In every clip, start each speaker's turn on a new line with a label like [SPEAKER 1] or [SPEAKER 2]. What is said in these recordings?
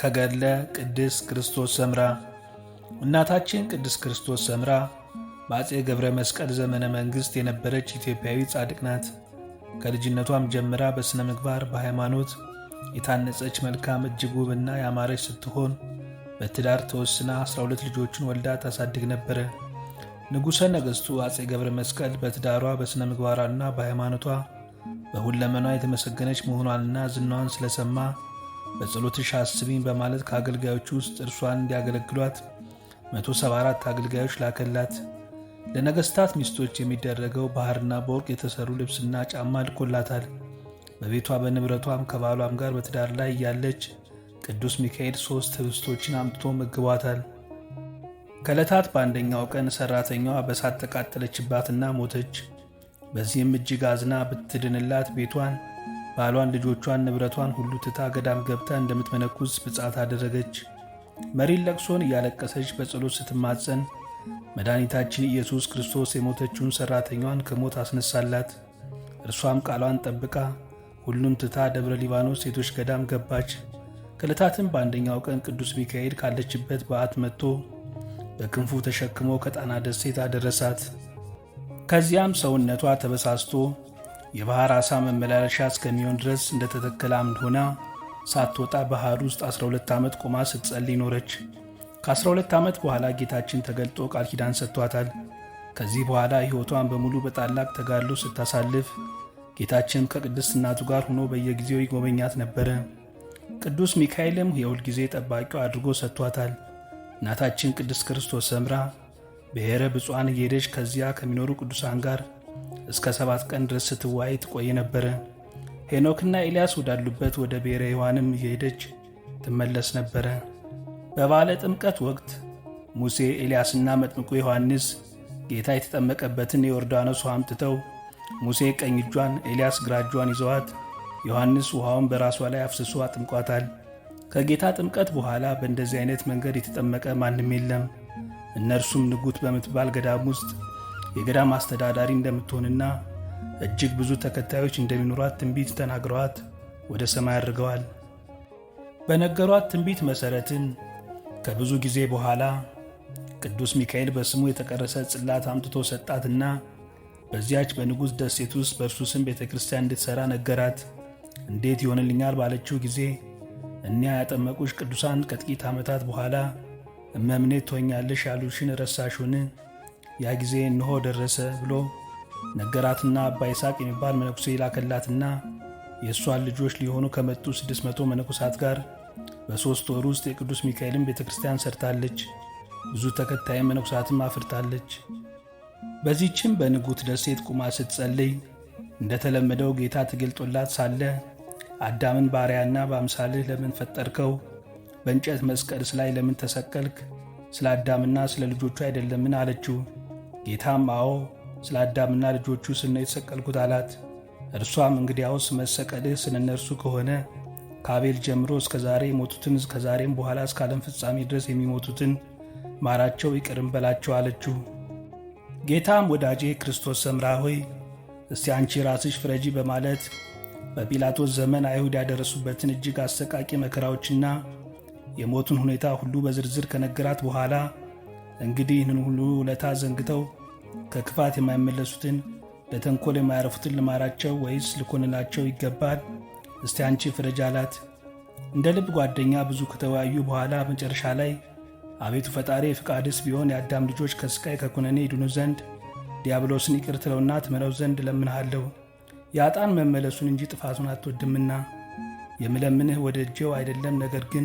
[SPEAKER 1] ከገድለ ቅድስ ክርስቶስ ሰምራ እናታችን ቅድስ ክርስቶስ ሰምራ በአጼ ገብረ መስቀል ዘመነ መንግሥት የነበረች ኢትዮጵያዊ ጻድቅ ናት። ከልጅነቷም ጀምራ በሥነ ምግባር በሃይማኖት የታነጸች መልካም እጅግ ውብና ያማረች ስትሆን በትዳር ተወስና 12 ልጆችን ወልዳ ታሳድግ ነበረ። ንጉሠ ነገሥቱ አጼ ገብረ መስቀል በትዳሯ በሥነ ምግባሯና በሃይማኖቷ በሁለመኗ የተመሰገነች መሆኗንና ዝናዋን ስለሰማ በጸሎትሽ አስቢኝ በማለት ከአገልጋዮች ውስጥ እርሷን እንዲያገለግሏት 174 አገልጋዮች ላከላት። ለነገሥታት ሚስቶች የሚደረገው ባህርና በወርቅ የተሠሩ ልብስና ጫማ ልኮላታል። በቤቷ በንብረቷም ከባሏም ጋር በትዳር ላይ እያለች ቅዱስ ሚካኤል ሦስት ህብስቶችን አምጥቶ መግቧታል። ከዕለታት በአንደኛው ቀን ሠራተኛዋ በሳት ተቃጠለችባትና ሞተች። በዚህም እጅግ አዝና ብትድንላት ቤቷን ባሏን፣ ልጆቿን፣ ንብረቷን ሁሉ ትታ ገዳም ገብታ እንደምትመነኩስ ብጻት አደረገች። መሪን ለቅሶን እያለቀሰች በጸሎት ስትማጸን መድኃኒታችን ኢየሱስ ክርስቶስ የሞተችውን ሠራተኛዋን ከሞት አስነሳላት። እርሷም ቃሏን ጠብቃ ሁሉን ትታ ደብረ ሊባኖስ ሴቶች ገዳም ገባች። ከዕለታትም በአንደኛው ቀን ቅዱስ ሚካኤል ካለችበት በዓት መጥቶ በክንፉ ተሸክሞ ከጣና ደሴት አደረሳት። ከዚያም ሰውነቷ ተበሳስቶ የባህር ዓሣ መመላለሻ እስከሚሆን ድረስ እንደተተከለ አምድ ሆና ሳትወጣ ባህር ውስጥ 12 ዓመት ቆማ ስትጸልይ ኖረች። ከ12 ዓመት በኋላ ጌታችን ተገልጦ ቃል ኪዳን ሰጥቷታል። ከዚህ በኋላ ሕይወቷን በሙሉ በታላቅ ተጋድሎ ስታሳልፍ ጌታችን ከቅድስት እናቱ ጋር ሆኖ በየጊዜው ይጎበኛት ነበረ። ቅዱስ ሚካኤልም የሁል ጊዜ ጠባቂው አድርጎ ሰጥቷታል። እናታችን ቅድስት ክርስቶስ ሰምራ ብሔረ ብፁዓን እየሄደች ከዚያ ከሚኖሩ ቅዱሳን ጋር እስከ ሰባት ቀን ድረስ ስትዋይ ትቆይ ነበረ። ሄኖክና ኤልያስ ወዳሉበት ወደ ብሔረ ሕያዋንም እየሄደች ትመለስ ነበረ። በባለ ጥምቀት ወቅት ሙሴ ኤልያስና መጥምቁ ዮሐንስ ጌታ የተጠመቀበትን የዮርዳኖስ ውሃ አምጥተው ሙሴ ቀኝ እጇን፣ ኤልያስ ግራ እጇን ይዘዋት ዮሐንስ ውሃውን በራሷ ላይ አፍስሶ አጥምቋታል። ከጌታ ጥምቀት በኋላ በእንደዚህ አይነት መንገድ የተጠመቀ ማንም የለም። እነርሱም ንጉት በምትባል ገዳም ውስጥ የገዳም አስተዳዳሪ እንደምትሆንና እጅግ ብዙ ተከታዮች እንደሚኖሯት ትንቢት ተናግረዋት ወደ ሰማይ አድርገዋል። በነገሯት ትንቢት መሠረትን ከብዙ ጊዜ በኋላ ቅዱስ ሚካኤል በስሙ የተቀረሰ ጽላት አምጥቶ ሰጣትና በዚያች በንጉሥ ደሴት ውስጥ በእርሱ ስም ቤተ ክርስቲያን እንድትሠራ ነገራት። እንዴት ይሆንልኛል ባለችው ጊዜ እኒያ ያጠመቁሽ ቅዱሳን ከጥቂት ዓመታት በኋላ እመምኔት ትሆኛለሽ ያሉሽን ረሳሹን ያ ጊዜ እንሆ ደረሰ ብሎ ነገራትና አባ ይስሐቅ የሚባል መነኩሴ ይላከላትና የእሷን ልጆች ሊሆኑ ከመጡ ስድስት መቶ መነኮሳት ጋር በሦስት ወር ውስጥ የቅዱስ ሚካኤልን ቤተ ክርስቲያን ሰርታለች። ብዙ ተከታይ መነኩሳትም አፍርታለች። በዚህችም በንጉት ደሴት ቁማ ስትጸልይ እንደተለመደው ጌታ ተገልጦላት ሳለ አዳምን ባሪያና በአምሳልህ ለምን ፈጠርከው? በእንጨት መስቀልስ ላይ ለምን ተሰቀልክ? ስለ አዳምና ስለ ልጆቹ አይደለምን? አለችው። ጌታም አዎ ስለ አዳምና ልጆቹ ስነ የተሰቀልኩት አላት። እርሷም እንግዲያውስ መሰቀልህ ስለ እነርሱ ከሆነ ከአቤል ጀምሮ እስከ ዛሬ የሞቱትን ከዛሬም በኋላ እስከ ዓለም ፍጻሜ ድረስ የሚሞቱትን ማራቸው ይቅርም በላቸው አለችው። ጌታም ወዳጄ ክርስቶስ ሰምራ ሆይ እስቲ አንቺ ራስሽ ፍረጂ በማለት በጲላጦስ ዘመን አይሁድ ያደረሱበትን እጅግ አሰቃቂ መከራዎችና የሞቱን ሁኔታ ሁሉ በዝርዝር ከነገራት በኋላ እንግዲህ ይህንን ሁሉ ውለታ ዘንግተው ከክፋት የማይመለሱትን በተንኮል የማያረፉትን ልማራቸው ወይስ ልኮንናቸው ይገባል? እስቲ አንቺ ፍረጅ አላት። እንደ ልብ ጓደኛ ብዙ ከተወያዩ በኋላ መጨረሻ ላይ አቤቱ ፈጣሪ ፍቃድስ ቢሆን የአዳም ልጆች ከስቃይ ከኩነኔ ይድኑ ዘንድ ዲያብሎስን ይቅር ትለውና ትምረው ዘንድ እለምንሃለሁ የአጣን መመለሱን እንጂ ጥፋቱን አትወድምና የምለምንህ ወደ እጄው አይደለም፣ ነገር ግን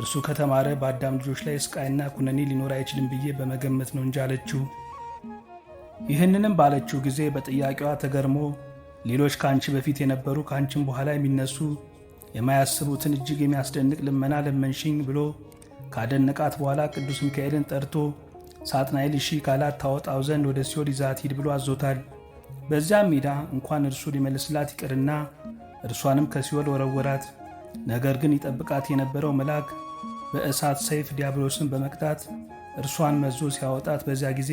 [SPEAKER 1] እርሱ ከተማረ በአዳም ልጆች ላይ ስቃይና ኩነኔ ሊኖር አይችልም ብዬ በመገመት ነው እንጂ አለችው። ይህንንም ባለችው ጊዜ በጥያቄዋ ተገርሞ ሌሎች ከአንቺ በፊት የነበሩ ከአንቺም በኋላ የሚነሱ የማያስቡትን እጅግ የሚያስደንቅ ልመና ለመንሽኝ ብሎ ካደነቃት በኋላ ቅዱስ ሚካኤልን ጠርቶ ሳጥናኤል እሺ ካላት ታወጣው ዘንድ ወደ ሲኦል ይዛት ሂድ ብሎ አዞታል። በዚያም ሜዳ እንኳን እርሱ ሊመልስላት ይቅርና እርሷንም ከሲኦል ወረወራት። ነገር ግን ይጠብቃት የነበረው መልአክ በእሳት ሰይፍ ዲያብሎስን በመቅጣት እርሷን መዞ ሲያወጣት በዚያ ጊዜ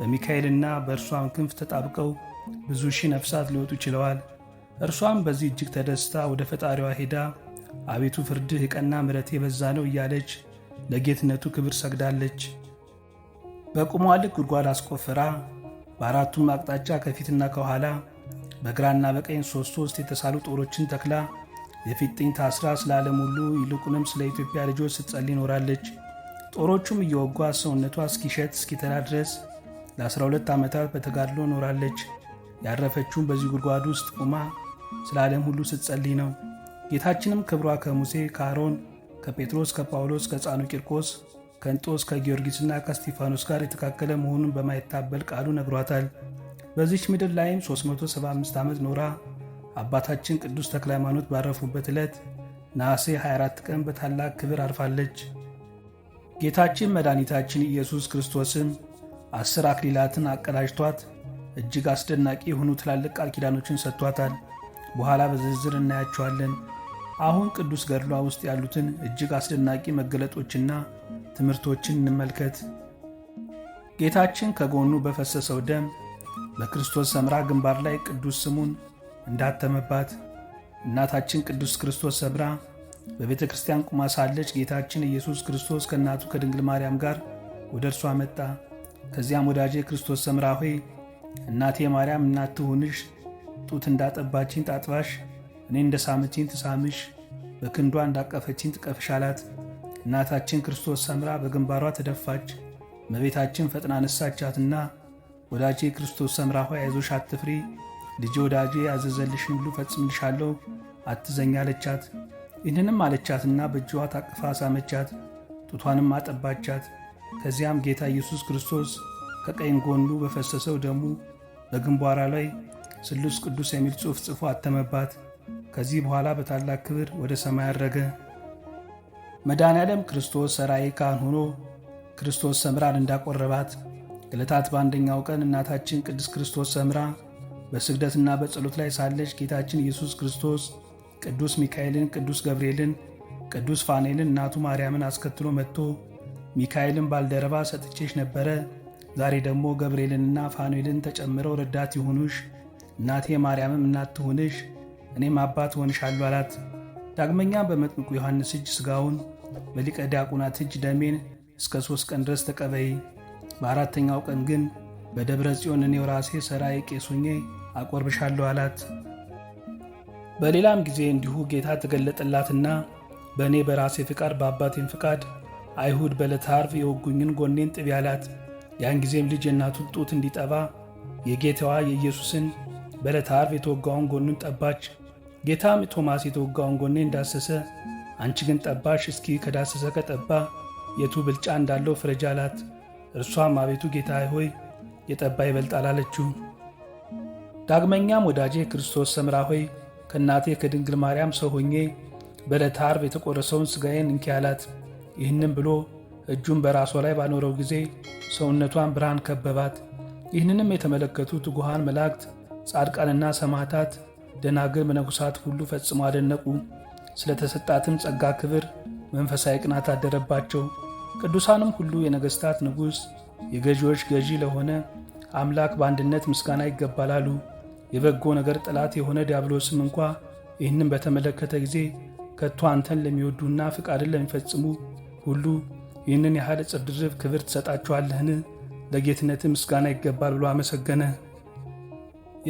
[SPEAKER 1] በሚካኤልና በእርሷም ክንፍ ተጣብቀው ብዙ ሺህ ነፍሳት ሊወጡ ችለዋል። እርሷም በዚህ እጅግ ተደስታ ወደ ፈጣሪዋ ሄዳ አቤቱ ፍርድህ የቀና ምረት የበዛ ነው እያለች ለጌትነቱ ክብር ሰግዳለች። በቁሟ ልክ ጉድጓድ አስቆፍራ በአራቱም አቅጣጫ ከፊትና ከኋላ በግራና በቀኝ ሶስት ሶስት የተሳሉ ጦሮችን ተክላ የፊጥኝ ታስራ ስለ ዓለም ሁሉ ይልቁንም ስለ ኢትዮጵያ ልጆች ስትጸልይ ይኖራለች። ጦሮቹም እየወጓ ሰውነቷ እስኪሸት እስኪተራ ድረስ ለ12 ዓመታት በተጋድሎ ኖራለች። ያረፈችውን በዚህ ጉድጓድ ውስጥ ቆማ ስለ ዓለም ሁሉ ስትጸልይ ነው። ጌታችንም ክብሯ ከሙሴ ከአሮን፣ ከጴጥሮስ፣ ከጳውሎስ፣ ከሕፃኑ ቂርቆስ፣ ከእንጦስ፣ ከጊዮርጊስና ከስጢፋኖስ ጋር የተካከለ መሆኑን በማይታበል ቃሉ ነግሯታል። በዚች ምድር ላይም 375 ዓመት ኖራ አባታችን ቅዱስ ተክለ ሃይማኖት ባረፉበት ዕለት ነሐሴ 24 ቀን በታላቅ ክብር አርፋለች። ጌታችን መድኃኒታችን ኢየሱስ ክርስቶስም አስር አክሊላትን አቀዳጅቷት እጅግ አስደናቂ የሆኑ ትላልቅ ቃል ኪዳኖችን ሰጥቷታል። በኋላ በዝርዝር እናያቸዋለን። አሁን ቅዱስ ገድሏ ውስጥ ያሉትን እጅግ አስደናቂ መገለጦችና ትምህርቶችን እንመልከት። ጌታችን ከጎኑ በፈሰሰው ደም በክርስቶስ ሰምራ ግንባር ላይ ቅዱስ ስሙን እንዳተመባት፣ እናታችን ቅዱስ ክርስቶስ ሰምራ በቤተ ክርስቲያን ቁማ ሳለች ጌታችን ኢየሱስ ክርስቶስ ከእናቱ ከድንግል ማርያም ጋር ወደ እርሷ መጣ። ከዚያም ወዳጄ ክርስቶስ ሰምራ ሆይ እናቴ ማርያም እናት ትሁንሽ፣ ጡት እንዳጠባችኝ ጣጥባሽ፣ እኔ እንደ ትሳምሽ፣ በክንዷ እንዳቀፈችኝ ትቀፍሽ አላት። እናታችን ክርስቶስ ሰምራ በግንባሯ ተደፋች። መቤታችን ፈጥና ነሳቻትና ወዳጄ ክርስቶስ ሰምራ ሆይ አይዞሽ አትፍሪ፣ ልጄ ወዳጄ ያዘዘልሽን ሁሉ ፈጽምልሻለሁ፣ አትዘኛ አለቻት። ይህንንም አለቻትና በእጅዋ ታቅፋ ሳመቻት፣ ጡቷንም አጠባቻት። ከዚያም ጌታ ኢየሱስ ክርስቶስ ከቀኝ ጎኑ በፈሰሰው ደሙ በግንባሯ ላይ ስሉስ ቅዱስ የሚል ጽሑፍ ጽፎ አተመባት። ከዚህ በኋላ በታላቅ ክብር ወደ ሰማይ አረገ። መድኃኔዓለም ክርስቶስ ሰራይ ካህን ሆኖ ክርስቶስ ሰምራን እንዳቆረባት ዕለታት በአንደኛው ቀን እናታችን ቅድስት ክርስቶስ ሰምራ በስግደትና በጸሎት ላይ ሳለች ጌታችን ኢየሱስ ክርስቶስ ቅዱስ ሚካኤልን፣ ቅዱስ ገብርኤልን፣ ቅዱስ ፋኔልን እናቱ ማርያምን አስከትሎ መጥቶ ሚካኤልን ባልደረባ ሰጥቼሽ ነበረ። ዛሬ ደግሞ ገብርኤልንና ፋኑኤልን ተጨምረው ረዳት ይሁኑሽ። እናቴ ማርያምም እናት ትሁንሽ፣ እኔም አባት ሆንሻለሁ አላት። ዳግመኛ በመጥምቁ ዮሐንስ እጅ ሥጋውን በሊቀ ዲያቆናት እጅ ደሜን እስከ ሦስት ቀን ድረስ ተቀበይ። በአራተኛው ቀን ግን በደብረ ጽዮን እኔው ራሴ ሠራዬ ቄስ አቆርብሻለሁ አላት። በሌላም ጊዜ እንዲሁ ጌታ ተገለጠላትና በእኔ በራሴ ፍቃድ በአባቴም ፍቃድ አይሁድ በዕለተ ዓርብ የወጉኝን ጎኔን ጥቢ አላት። ያን ጊዜም ልጅ የእናቱን ጡት እንዲጠባ የጌታዋ የኢየሱስን በዕለተ ዓርብ የተወጋውን ጎኑን ጠባች። ጌታም ቶማስ የተወጋውን ጎኔ እንዳሰሰ አንቺ ግን ጠባሽ፣ እስኪ ከዳሰሰ ከጠባ የቱ ብልጫ እንዳለው ፍረጃ አላት። እርሷም አቤቱ ጌታ ሆይ የጠባ ይበልጣል አለችው። ዳግመኛም ወዳጄ ክርስቶስ ሰምራ ሆይ ከእናቴ ከድንግል ማርያም ሰው ሆኜ በዕለተ ዓርብ የተቆረሰውን ሥጋዬን እንኪ አላት። ይህንም ብሎ እጁን በራሷ ላይ ባኖረው ጊዜ ሰውነቷን ብርሃን ከበባት። ይህንንም የተመለከቱ ትጉሃን መላእክት፣ ጻድቃንና ሰማዕታት፣ ደናግል፣ መነኩሳት ሁሉ ፈጽሞ አደነቁ። ስለተሰጣትም ጸጋ ክብር መንፈሳዊ ቅናት አደረባቸው። ቅዱሳንም ሁሉ የነገሥታት ንጉሥ የገዢዎች ገዢ ለሆነ አምላክ በአንድነት ምስጋና ይገባላሉ። የበጎ ነገር ጠላት የሆነ ዲያብሎስም እንኳ ይህንም በተመለከተ ጊዜ ከቶ አንተን ለሚወዱና ፍቃድን ለሚፈጽሙ ሁሉ ይህንን ያህል እጥፍ ክብር ትሰጣችኋለህን? ለጌትነት ምስጋና ይገባል ብሎ አመሰገነ።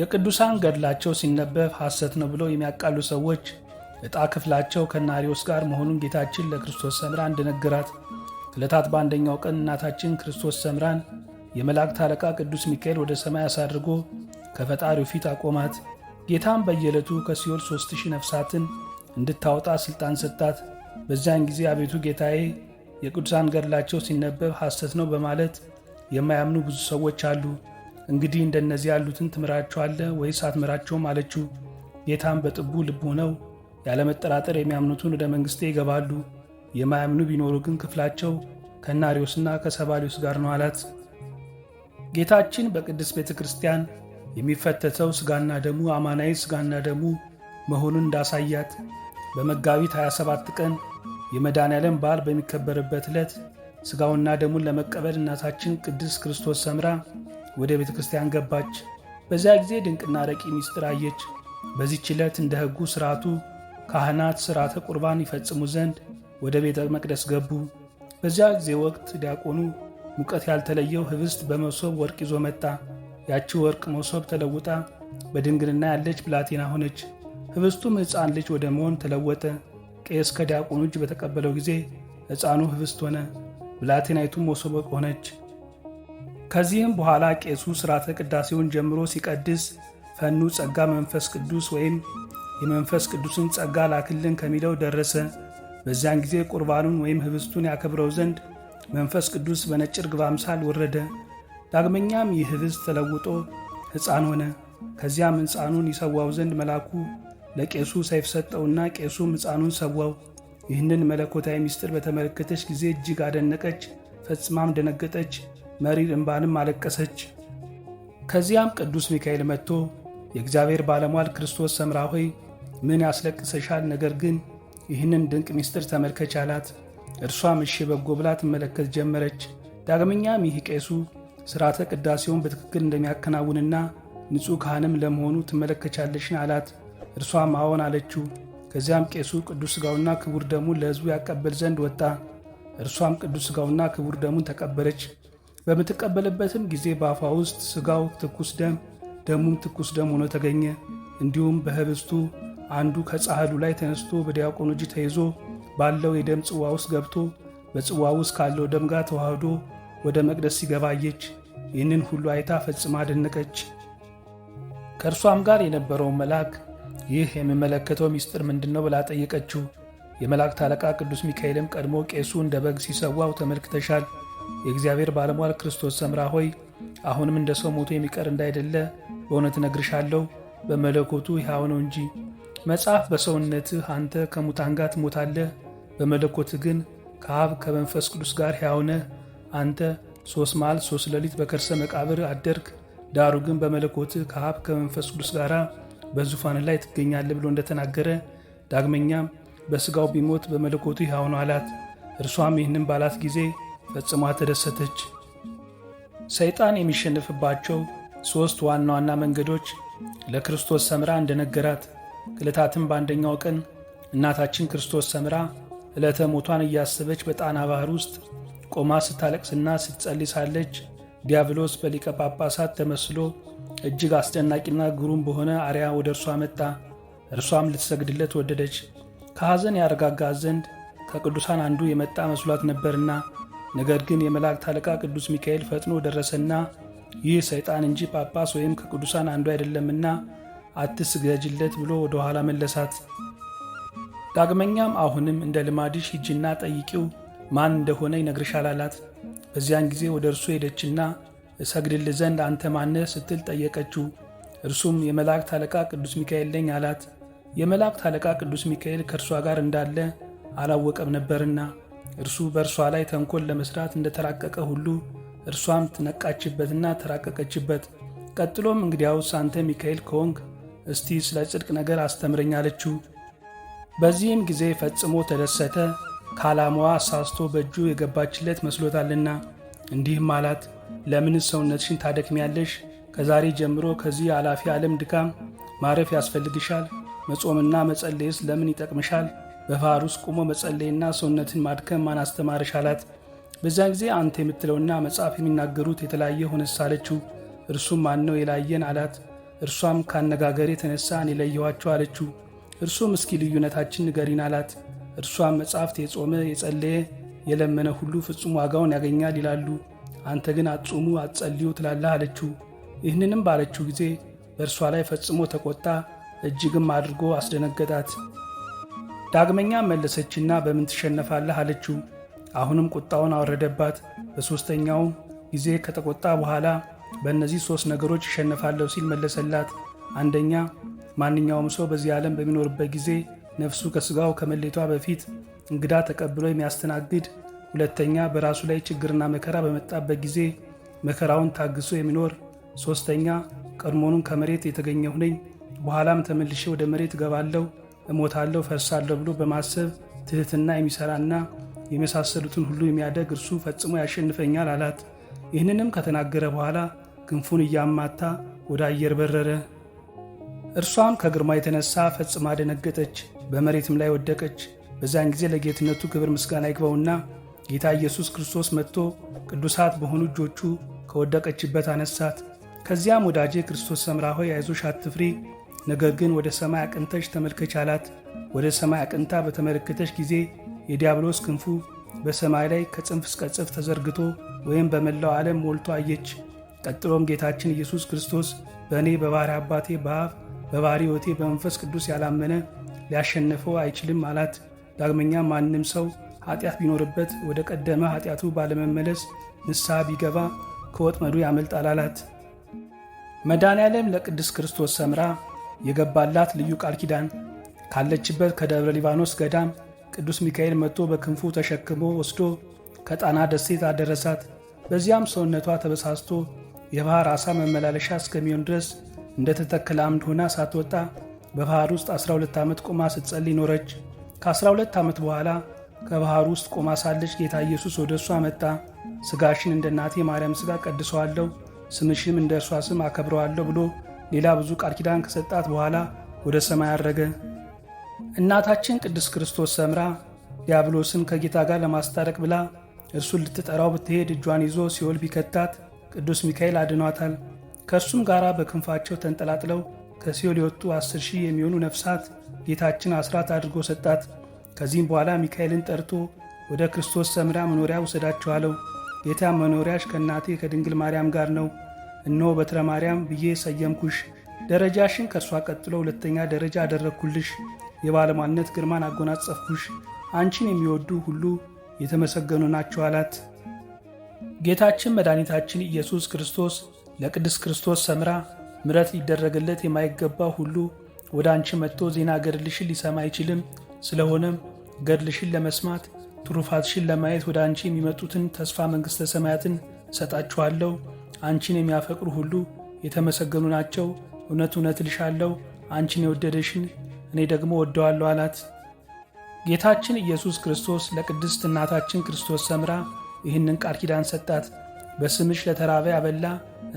[SPEAKER 1] የቅዱሳን ገድላቸው ሲነበብ ሐሰት ነው ብለው የሚያቃሉ ሰዎች ዕጣ ክፍላቸው ከናሪዎስ ጋር መሆኑን ጌታችን ለክርስቶስ ሰምራ እንደነገራት ዕለታት በአንደኛው ቀን እናታችን ክርስቶስ ሰምራን የመላእክት አለቃ ቅዱስ ሚካኤል ወደ ሰማይ አሳድርጎ ከፈጣሪው ፊት አቆማት። ጌታም በየዕለቱ ከሲኦል ሦስት ሺህ ነፍሳትን እንድታወጣ ሥልጣን ሰጣት። በዚያን ጊዜ አቤቱ ጌታዬ የቅዱሳን ገድላቸው ሲነበብ ሐሰት ነው በማለት የማያምኑ ብዙ ሰዎች አሉ። እንግዲህ እንደነዚህ ያሉትን ትምራቸዋለህ ወይስ አትምራቸውም? አለችው። ጌታም በጥቡ ልብ ሆነው ያለመጠራጠር የሚያምኑትን ወደ መንግሥቴ ይገባሉ፣ የማያምኑ ቢኖሩ ግን ክፍላቸው ከናሪዎስና ከሰባሊዎስ ጋር ነው አላት። ጌታችን በቅድስት ቤተ ክርስቲያን የሚፈተተው ሥጋና ደሙ አማናዊ ሥጋና ደሙ መሆኑን እንዳሳያት በመጋቢት 27 ቀን ዓለም በዓል በሚከበርበት ዕለት ሥጋውና ደሙን ለመቀበል እናታችን ቅድስት ክርስቶስ ሰምራ ወደ ቤተ ክርስቲያን ገባች። በዚያ ጊዜ ድንቅና ረቂ ሚስጥር አየች። በዚች ዕለት እንደ ሕጉ ሥርዓቱ ካህናት ሥርዓተ ቁርባን ይፈጽሙ ዘንድ ወደ ቤተ መቅደስ ገቡ። በዚያ ጊዜ ወቅት ዲያቆኑ ሙቀት ያልተለየው ኅብስት በመሶብ ወርቅ ይዞ መጣ። ያቺ ወርቅ መሶብ ተለውጣ በድንግልና ያለች ብላቴና ሆነች። ኅብስቱም ሕፃን ልጅ ወደ መሆን ተለወጠ። ቄስ ከዲያቆኑ እጅ በተቀበለው ጊዜ ሕፃኑ ህብስት ሆነ፣ ብላቴናይቱም ወሶበ ሆነች። ከዚህም በኋላ ቄሱ ሥርዓተ ቅዳሴውን ጀምሮ ሲቀድስ ፈኑ ጸጋ መንፈስ ቅዱስ ወይም የመንፈስ ቅዱስን ጸጋ ላክልን ከሚለው ደረሰ። በዚያን ጊዜ ቁርባኑን ወይም ህብስቱን ያከብረው ዘንድ መንፈስ ቅዱስ በነጭ ርግብ አምሳል ወረደ። ዳግመኛም ይህ ህብስት ተለውጦ ሕፃን ሆነ። ከዚያም ሕፃኑን ይሰዋው ዘንድ መልአኩ ለቄሱ ሰይፍ ሰጠውና ቄሱም ሕፃኑን ሰዋው። ይህንን መለኮታዊ ምስጢር በተመለከተች ጊዜ እጅግ አደነቀች፣ ፈጽማም ደነገጠች፣ መሪር እንባንም አለቀሰች። ከዚያም ቅዱስ ሚካኤል መጥቶ የእግዚአብሔር ባለሟል ክርስቶስ ሰምራ ሆይ ምን ያስለቅሰሻል? ነገር ግን ይህንን ድንቅ ምስጢር ተመልከች አላት። እርሷም እሺ በጎ ብላ ትመለከት ጀመረች። ዳግመኛም ይህ ቄሱ ሥርዓተ ቅዳሴውን በትክክል እንደሚያከናውንና ንጹሕ ካህንም ለመሆኑ ትመለከቻለሽን አላት። እርሷም አዎን አለችው። ከዚያም ቄሱ ቅዱስ ሥጋውና ክቡር ደሙን ለሕዝቡ ያቀበል ዘንድ ወጣ። እርሷም ቅዱስ ሥጋውና ክቡር ደሙን ተቀበለች። በምትቀበልበትም ጊዜ በአፏ ውስጥ ሥጋው ትኩስ ደም፣ ደሙም ትኩስ ደም ሆኖ ተገኘ። እንዲሁም በህብስቱ አንዱ ከጻሕሉ ላይ ተነስቶ በዲያቆኑ እጅ ተይዞ ባለው የደም ጽዋ ውስጥ ገብቶ በጽዋ ውስጥ ካለው ደም ጋር ተዋህዶ ወደ መቅደስ ሲገባ አየች። ይህንን ሁሉ አይታ ፈጽማ አደነቀች። ከእርሷም ጋር የነበረውን መልአክ ይህ የምመለከተው ምስጢር ምንድን ነው ብላ ጠየቀችው። የመላእክት አለቃ ቅዱስ ሚካኤልም ቀድሞ ቄሱ እንደ በግ ሲሰዋው ተመልክተሻል። የእግዚአብሔር ባለሟል ክርስቶስ ሰምራ ሆይ አሁንም እንደ ሰው ሞቶ የሚቀር እንዳይደለ በእውነት እነግርሻለሁ፣ በመለኮቱ ሕያው ነው እንጂ። መጽሐፍ በሰውነትህ አንተ ከሙታን ጋር ትሞታለህ፣ በመለኮት ግን ከአብ ከመንፈስ ቅዱስ ጋር ሕያው ነህ። አንተ ሦስት መዓል ሦስት ሌሊት በከርሰ መቃብር አደርግ፣ ዳሩ ግን በመለኮትህ ከአብ ከመንፈስ ቅዱስ ጋር በዙፋን ላይ ትገኛለህ ብሎ እንደተናገረ ዳግመኛም በሥጋው ቢሞት በመለኮቱ ሕያው ነው አላት። እርሷም ይህንም ባላት ጊዜ ፈጽሟ ተደሰተች። ሰይጣን የሚሸንፍባቸው ሦስት ዋና ዋና መንገዶች ለክርስቶስ ሰምራ እንደነገራት ዕለታትም በአንደኛው ቀን እናታችን ክርስቶስ ሰምራ ዕለተ ሞቷን እያሰበች በጣና ባህር ውስጥ ቆማ ስታለቅስና ስትጸልይ ሳለች ዲያብሎስ በሊቀ ጳጳሳት ተመስሎ እጅግ አስጨናቂና ግሩም በሆነ አርያ ወደ እርሷ መጣ። እርሷም ልትሰግድለት ወደደች። ከሐዘን ያረጋጋ ዘንድ ከቅዱሳን አንዱ የመጣ መስሏት ነበርና። ነገር ግን የመላእክት አለቃ ቅዱስ ሚካኤል ፈጥኖ ደረሰና ይህ ሰይጣን እንጂ ጳጳስ ወይም ከቅዱሳን አንዱ አይደለምና አትስገጅለት ብሎ ወደ ኋላ መለሳት። ዳግመኛም አሁንም እንደ ልማድሽ ሂጂና ጠይቂው ማን እንደሆነ ይነግርሻል አላት። በዚያን ጊዜ ወደ እርሱ ሄደችና እሰግድል ዘንድ አንተ ማነህ ስትል ጠየቀችው። እርሱም የመላእክት አለቃ ቅዱስ ሚካኤል ነኝ አላት። የመላእክት አለቃ ቅዱስ ሚካኤል ከእርሷ ጋር እንዳለ አላወቀም ነበርና እርሱ በእርሷ ላይ ተንኮል ለመስራት እንደተራቀቀ ሁሉ እርሷም ትነቃችበትና ተራቀቀችበት። ቀጥሎም እንግዲያውስ አንተ ሚካኤል ከሆንክ እስቲ ስለ ጽድቅ ነገር አስተምረኝ አለችው። በዚህም ጊዜ ፈጽሞ ተደሰተ፣ ከዓላማዋ አሳስቶ በእጁ የገባችለት መስሎታልና እንዲህም አላት ለምንስ ሰውነትሽን ታደክሚያለሽ? ከዛሬ ጀምሮ ከዚህ የኃላፊ ዓለም ድካም ማረፍ ያስፈልግሻል። መጾምና መጸለይስ ለምን ይጠቅምሻል? በፋር ውስጥ ቁሞ መጸለይና ሰውነትን ማድከም ማን አስተማርሽ አላት። በዚያን ጊዜ አንተ የምትለውና መጽሐፍ የሚናገሩት የተለያየ ሆነስ አለችው። እርሱም ማን ነው የላየን? አላት። እርሷም ከአነጋገር የተነሳ እኔ ለየኋቸው አለችው። እርሱም እስኪ ልዩነታችን ንገሪን አላት። እርሷም መጽሐፍት የጾመ የጸለየ የለመነ ሁሉ ፍጹም ዋጋውን ያገኛል ይላሉ። አንተ ግን አጹሙ አትጸልዩ ትላለህ አለችው። ይህንንም ባለችው ጊዜ በእርሷ ላይ ፈጽሞ ተቆጣ፣ እጅግም አድርጎ አስደነገጣት። ዳግመኛ መለሰችና በምን ትሸነፋለህ አለችው። አሁንም ቁጣውን አወረደባት። በሦስተኛው ጊዜ ከተቆጣ በኋላ በእነዚህ ሦስት ነገሮች ይሸነፋለሁ ሲል መለሰላት። አንደኛ፣ ማንኛውም ሰው በዚህ ዓለም በሚኖርበት ጊዜ ነፍሱ ከሥጋው ከመሌቷ በፊት እንግዳ ተቀብሎ የሚያስተናግድ ሁለተኛ በራሱ ላይ ችግርና መከራ በመጣበት ጊዜ መከራውን ታግሶ የሚኖር ሶስተኛ ቀድሞኑን ከመሬት የተገኘሁ ነኝ በኋላም ተመልሼ ወደ መሬት እገባለሁ እሞታለሁ ፈርሳለሁ ብሎ በማሰብ ትህትና የሚሰራና የመሳሰሉትን ሁሉ የሚያደግ እርሱ ፈጽሞ ያሸንፈኛል አላት። ይህንንም ከተናገረ በኋላ ክንፉን እያማታ ወደ አየር በረረ። እርሷም ከግርማ የተነሳ ፈጽማ ደነገጠች፣ በመሬትም ላይ ወደቀች። በዚያን ጊዜ ለጌትነቱ ክብር ምስጋና ይግባውና ጌታ ኢየሱስ ክርስቶስ መጥቶ ቅዱሳት በሆኑ እጆቹ ከወደቀችበት አነሳት። ከዚያም ወዳጄ ክርስቶስ ሰምራ ሆይ አይዞሽ አትፍሪ፣ ነገር ግን ወደ ሰማይ አቅንተሽ ተመልከች አላት። ወደ ሰማይ አቅንታ በተመለከተች ጊዜ የዲያብሎስ ክንፉ በሰማይ ላይ ከጽንፍ እስከ ጽንፍ ተዘርግቶ ወይም በመላው ዓለም ሞልቶ አየች። ቀጥሎም ጌታችን ኢየሱስ ክርስቶስ በእኔ በባሕሪ አባቴ በአብ በባሕሪ ሕይወቴ በመንፈስ ቅዱስ ያላመነ ሊያሸንፈው አይችልም አላት። ዳግመኛ ማንም ሰው ኃጢአት ቢኖርበት ወደ ቀደመ ኃጢአቱ ባለመመለስ ንስሐ ቢገባ ከወጥመዱ ያመልጣል አላት። መድኃኔ ዓለም ለቅድስት ክርስቶስ ሰምራ የገባላት ልዩ ቃል ኪዳን ካለችበት ከደብረ ሊባኖስ ገዳም ቅዱስ ሚካኤል መጥቶ በክንፉ ተሸክሞ ወስዶ ከጣና ደሴት አደረሳት። በዚያም ሰውነቷ ተበሳስቶ የባሕር ዓሣ መመላለሻ እስከሚሆን ድረስ ተተከለ አምድ ሆና ሳትወጣ በባሕር ውስጥ 12 ዓመት ቆማ ስትጸልይ ኖረች። ከ12 ዓመት በኋላ ከባህር ውስጥ ቆማ ሳለች ጌታ ኢየሱስ ወደ እሷ መጣ። ሥጋሽን እንደ እናቴ ማርያም ሥጋ ቀድሰዋለሁ፣ ስምሽም እንደ እርሷ ስም አከብረዋለሁ ብሎ ሌላ ብዙ ቃል ኪዳን ከሰጣት በኋላ ወደ ሰማይ አረገ። እናታችን ቅድስት ክርስቶስ ሰምራ ዲያብሎስን ከጌታ ጋር ለማስታረቅ ብላ እርሱን ልትጠራው ብትሄድ እጇን ይዞ ሲኦል ቢከታት ቅዱስ ሚካኤል አድኗታል። ከእርሱም ጋር በክንፋቸው ተንጠላጥለው ከሲኦል የወጡ አስር ሺህ የሚሆኑ ነፍሳት ጌታችን አስራት አድርጎ ሰጣት። ከዚህም በኋላ ሚካኤልን ጠርቶ ወደ ክርስቶስ ሰምራ መኖሪያ ውሰዳችኋለሁ። ጌታ መኖሪያሽ ከእናቴ ከድንግል ማርያም ጋር ነው። እነሆ በትረ ማርያም ብዬ ሰየምኩሽ። ደረጃሽን ከእርሷ ቀጥሎ ሁለተኛ ደረጃ አደረግኩልሽ። የባለሟልነት ግርማን አጎናጸፍኩሽ። አንቺን የሚወዱ ሁሉ የተመሰገኑ ናቸው አላት። ጌታችን መድኃኒታችን ኢየሱስ ክርስቶስ ለቅድስት ክርስቶስ ሰምራ ምረት ሊደረግለት የማይገባ ሁሉ ወደ አንቺ መጥቶ ዜና ገድልሽን ሊሰማ አይችልም ስለሆነም ገድልሽን ለመስማት ትሩፋትሽን ለማየት ወደ አንቺ የሚመጡትን ተስፋ መንግሥተ ሰማያትን ሰጣችኋለሁ። አንቺን የሚያፈቅሩ ሁሉ የተመሰገኑ ናቸው። እውነት እውነት እልሻለሁ አንቺን የወደደሽን እኔ ደግሞ ወደዋለሁ አላት። ጌታችን ኢየሱስ ክርስቶስ ለቅድስት እናታችን ክርስቶስ ሰምራ ይህንን ቃል ኪዳን ሰጣት። በስምሽ ለተራበ ያበላ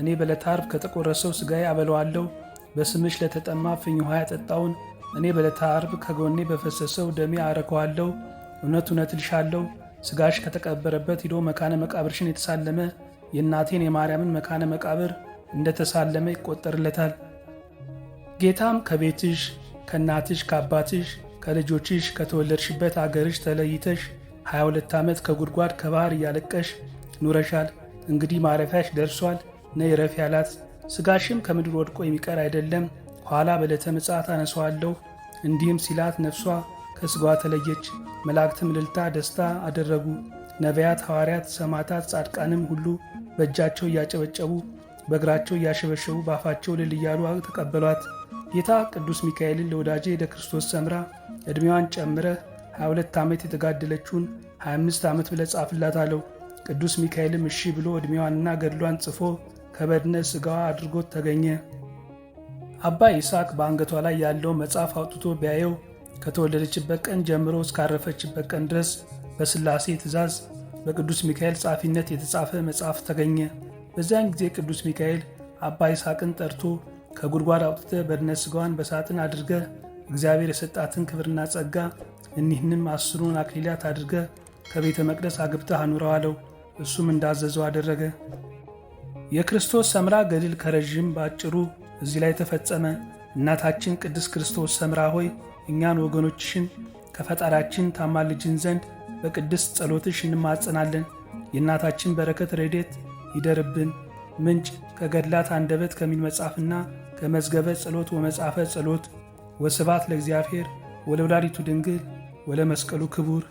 [SPEAKER 1] እኔ በዕለተ ዓርብ ከተቆረሰው ሥጋዬ አበለዋለሁ። በስምሽ ለተጠማ ፍኝ ውሃ ያጠጣውን እኔ በዕለተ ዓርብ ከጎኔ በፈሰሰው ደሜ አረከዋለሁ። እውነት እውነት እልሻለሁ ሥጋሽ ከተቀበረበት ሂዶ መካነ መቃብርሽን የተሳለመ የእናቴን የማርያምን መካነ መቃብር እንደተሳለመ ይቆጠርለታል። ጌታም ከቤትሽ ከእናትሽ ከአባትሽ ከልጆችሽ ከተወለድሽበት አገርሽ ተለይተሽ 22 ዓመት ከጉድጓድ ከባህር እያለቀሽ ኑረሻል። እንግዲህ ማረፊያሽ ደርሷል፣ ነይ ረፍ ያላት። ሥጋሽም ከምድር ወድቆ የሚቀር አይደለም ኋላ በዕለተ ምጽአት አነሳዋለሁ እንዲህም ሲላት ነፍሷ ከሥጋዋ ተለየች። መላእክትም ልልታ ደስታ አደረጉ። ነቢያት፣ ሐዋርያት፣ ሰማዕታት፣ ጻድቃንም ሁሉ በእጃቸው እያጨበጨቡ በእግራቸው እያሸበሸቡ በአፋቸው ልል እያሉ ተቀበሏት። ጌታ ቅዱስ ሚካኤልን ለወዳጄ ለክርስቶስ ሰምራ ዕድሜዋን ጨምረ 22 ዓመት የተጋደለችውን 25 ዓመት ብለህ ጻፍላት አለው። ቅዱስ ሚካኤልም እሺ ብሎ ዕድሜዋንና ገድሏን ጽፎ ከበድነ ሥጋዋ አድርጎት ተገኘ። አባ ይስሐቅ በአንገቷ ላይ ያለው መጽሐፍ አውጥቶ ቢያየው ከተወለደችበት ቀን ጀምሮ እስካረፈችበት ቀን ድረስ በስላሴ ትእዛዝ በቅዱስ ሚካኤል ጻፊነት የተጻፈ መጽሐፍ ተገኘ። በዚያን ጊዜ ቅዱስ ሚካኤል አባ ይስሐቅን ጠርቶ ከጉድጓድ አውጥተ በድነ ስጋዋን በሳጥን አድርገ፣ እግዚአብሔር የሰጣትን ክብርና ጸጋ እኒህንም አስሩን አክሊላት አድርገ ከቤተ መቅደስ አግብተህ አኑረው አለው። እሱም እንዳዘዘው አደረገ። የክርስቶስ ሰምራ ገድል ከረዥም በአጭሩ እዚህ ላይ ተፈጸመ። እናታችን ቅድስት ክርስቶስ ሰምራ ሆይ እኛን ወገኖችሽን ከፈጣሪያችን ታማልጅን ዘንድ በቅድስት ጸሎትሽ እንማጸናለን። የእናታችን በረከት ረዴት ይደርብን። ምንጭ ከገድላት አንደበት ከሚል መጽሐፍና ከመዝገበ ጸሎት ወመጻፈ ጸሎት። ወስባት ለእግዚአብሔር ወለወላዲቱ ድንግል ወለመስቀሉ ክቡር